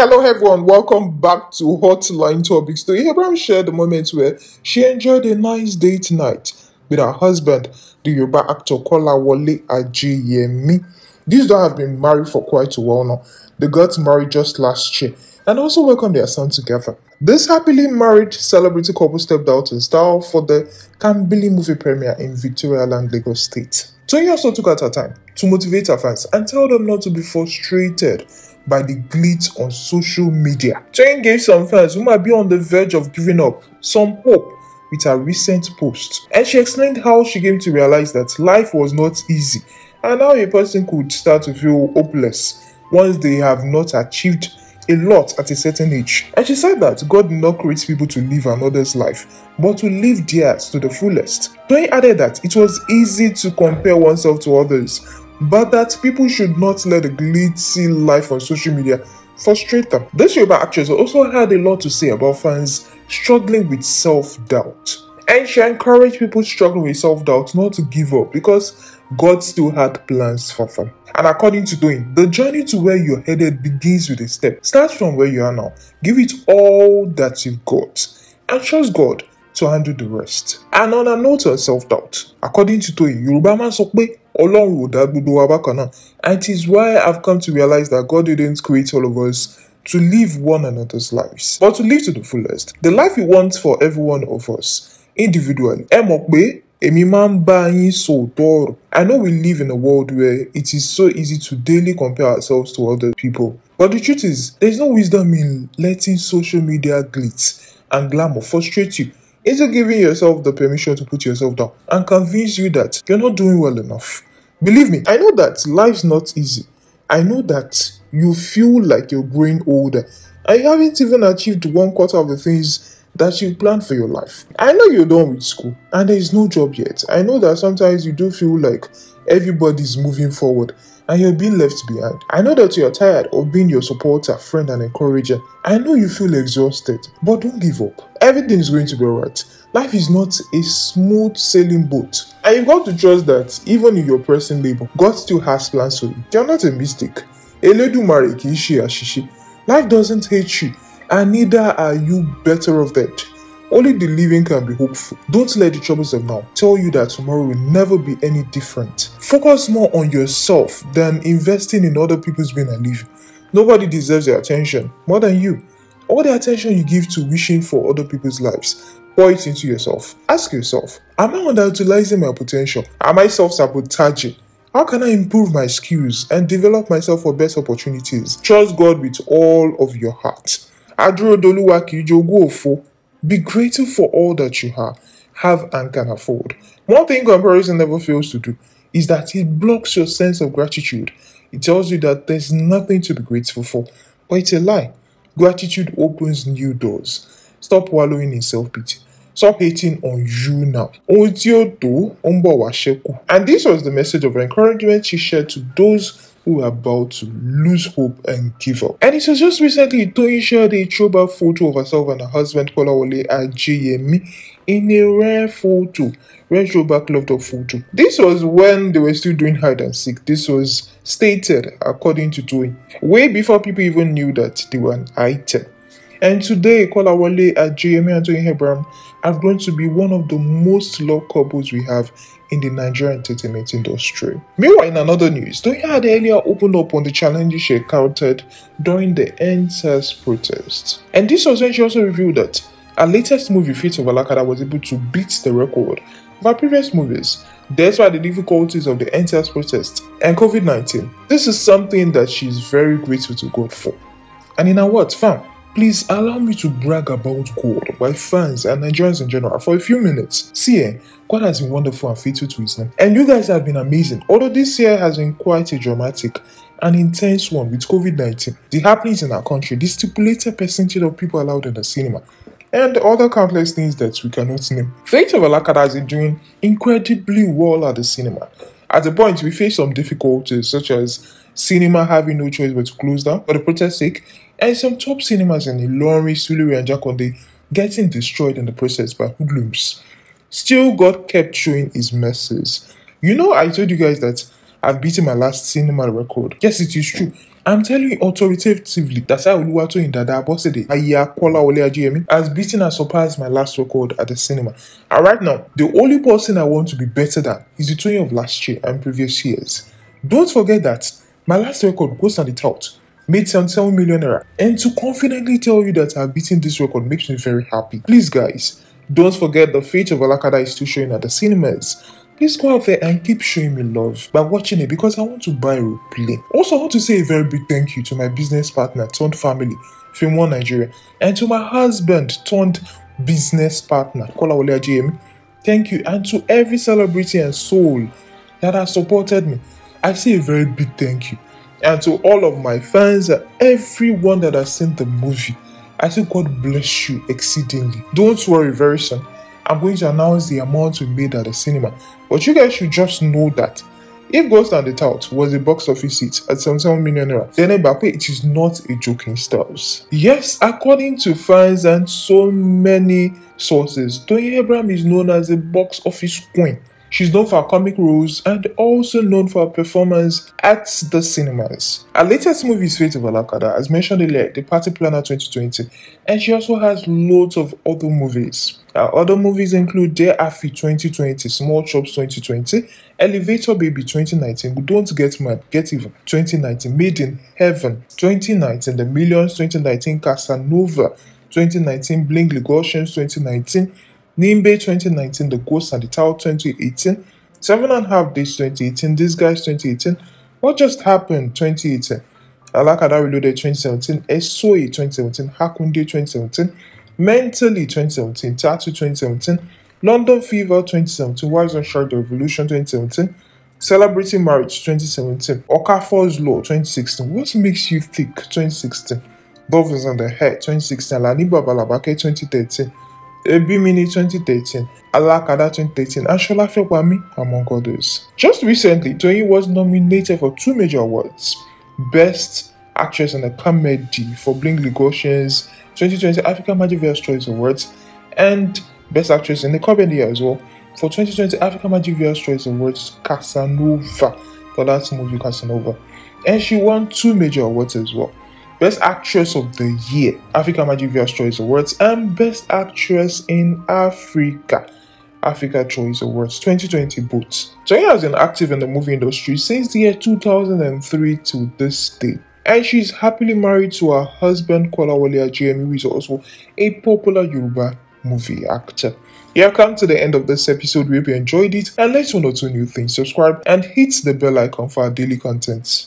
Hello, everyone. Welcome back to Hotline Topics. Today, Abraham shared the moment where she enjoyed a nice date night with her husband, the Yoruba actor Kola Wole Ajayemi. These two have been married for quite a while now. They got married just last year and also welcomed their son together. This happily married celebrity couple stepped out in style for the Kambili movie premiere in Victoria Land, Lagos State. Tony also took out her time to motivate her fans and tell them not to be frustrated by the glitz on social media. Jane gave some fans who might be on the verge of giving up some hope with her recent post. And she explained how she came to realize that life was not easy and how a person could start to feel hopeless once they have not achieved a lot at a certain age. And she said that God did not create people to live another's life, but to live theirs to the fullest. Tony added that it was easy to compare oneself to others but that people should not let the glitzy life on social media frustrate them. This Yoruba actress also had a lot to say about fans struggling with self-doubt. And she encouraged people struggling with self-doubt not to give up because God still had plans for them. And according to Doing, the journey to where you're headed begins with a step. Start from where you are now. Give it all that you've got. And trust God to handle the rest. And on a note on self-doubt, according to Toyin, Yoruba man sọ Ọlọ́run ò dá gbogbo wa bákan náà and it is why I have come to realize that God didn't create all of us to live one another's lives but to live to the fullest the life he wants for every one of us individually ẹ mọ̀ pé èmi máa ń bá yín sòótọ́ ọ̀rọ̀ I know we live in a world where it is so easy to daily compare ourselves to other people but the truth is there is no wisdom in letting social media glitz and glamour frustrate you into giving yourself the permission to put yourself down and convince you that you're not doing well enough Believe me, I know that life's not easy. I know that you feel like you're growing older I haven't even achieved one quarter of the things that you planned for your life. I know you're done with school and there is no job yet. I know that sometimes you do feel like everybody's moving forward and you're being left behind. I know that you're tired of being your supporter, friend, and encourager. I know you feel exhausted, but don't give up. Everything is going to be alright. Life is not a smooth sailing boat. And you've got to trust that even in your present labor, God still has plans for you. You're not a mistake. kì Life doesn't hate you, and neither are you better off that. Only the living can be hopeful. Don't let the troubles of now tell you that tomorrow will never be any different. Focus more on yourself than investing in other people's being and living. Nobody deserves your attention more than you. All the attention you give to wishing for other people's lives, pour it into yourself. Ask yourself Am I underutilizing my potential? Am I self sabotaging? How can I improve my skills and develop myself for best opportunities? Trust God with all of your heart. Adro dolo í jo òfo. Be grateful for all that you have, have, and can afford. One thing comparison never fails to do is that it blocks your sense of gratitude. It tells you that there's nothing to be grateful for, but it's a lie. Gratitude opens new doors. Stop wallowing in self pity. Stop hating on you now. And this was the message of encouragement she shared to those who are about to lose hope and give up. And it was just recently Toyin shared a throwback photo of herself and her husband Kolawole Ajayemi in a rare photo, rare throwback loved up photo. This was when they were still doing hide and seek. This was stated according to Toyin, way before people even knew that they were an item. And today, Kola Wale and Jeremy Anthony Hebram are going to be one of the most loved couples we have in the Nigerian entertainment industry. Meanwhile, in another news, Tony had earlier opened up on the challenges she encountered during the NSAS protest. And this was when she also revealed that her latest movie, Fate of Alakada, was able to beat the record of her previous movies despite the difficulties of the NTS protest and COVID 19. This is something that she is very grateful to God for. And in her words, fam, Please allow me to brag about God, my fans, and Nigerians in general for a few minutes. See here, eh, God has been wonderful and faithful to his name, and you guys have been amazing. Although this year has been quite a dramatic an intense one with COVID 19, the happenings in our country, the stipulated percentage of people allowed in the cinema, and other countless things that we cannot name. Faith of Alakada has been doing incredibly well at the cinema. At the point, we faced some difficulties such as cinema having no choice but to close down for the protest sake, and some top cinemas in Ilorin, Suluri, and Jakonde getting destroyed in the process by hoodlums. Still, God kept showing his mercies. You know, I told you guys that I've beaten my last cinema record. Yes, it is true. I'm telling you authoritatively that Oluwato in Dada Abosede, Aya Kola Ole Ajayemi, has beaten and surpassed my last record at the cinema. And right now, the only person I want to be better than is the twenty of last year and previous years. Don't forget that my last record goes on the tout made 77 million naira. And to confidently tell you that I've beaten this record makes me very happy. Please guys, don't forget the fate of Alakada is still showing at the cinemas. Please go out there and keep showing me love by watching it because I want to buy a plane. Also, I want to say a very big thank you to my business partner turned family, Film One Nigeria, and to my husband turned business partner, Kola Wale Ajayemi. Thank you, and to every celebrity and soul that has supported me. I say a very big thank you and to all of my fans, everyone that has seen the movie. I say God bless you exceedingly. Don't worry, very soon I'm going to announce the amount we made at the cinema. But you guys should just know that if Ghost and the Tout was a box office hit at 77 million naira, then Mbappe it is not a joking stars. Yes, according to fans and so many sources, Tony Abraham is known as a box office queen. She's known for her comic roles and also known for her performance at the cinemas. Her latest movie is Fate of Alakada, as mentioned earlier, The Party Planner 2020, and she also has loads of other movies. Her other movies include Dear Afi 2020, Small Chops 2020, Elevator Baby 2019, Don't Get Mad, Get Even 2019, Made in Heaven 2019, The Millions 2019, Casanova 2019, Bling Legosians 2019, Nimbe 2019, The Ghost and the Tower 2018, Seven and a Half Days 2018, These Guys 2018, What Just Happened 2018, Alakada Reloaded 2017, S O 2017, Hakunde 2017, Mentally 2017, Tattoo 2017, London Fever 2017, Wise and Shark The Revolution 2017, Celebrating Marriage 2017, Okafor's Law 2016, What Makes You Think 2016, Dolphins on the Head 2016, Lani Babalabake 2013, Ebimini 2013, Alakada 2013, and Shola Fewami, among others. Just recently, Toyin was nominated for two major awards Best Actress in a Comedy for Bling Lugosian's 2020 Africa Magic Viewers Choice Awards and Best Actress in a Comedy as well for 2020 Africa Magic Viewers Choice Awards Casanova for that movie Casanova. And she won two major awards as well. Best Actress of the Year, Africa Magic Choice Awards, and Best Actress in Africa, Africa Choice Awards 2020 Boots. Toya has been active in the movie industry since the year 2003 to this day. And she's happily married to her husband Kolawole Ajayemi, who is also a popular Yoruba movie actor. You come to the end of this episode. We hope you enjoyed it and let us know two new things. Subscribe and hit the bell icon for our daily content.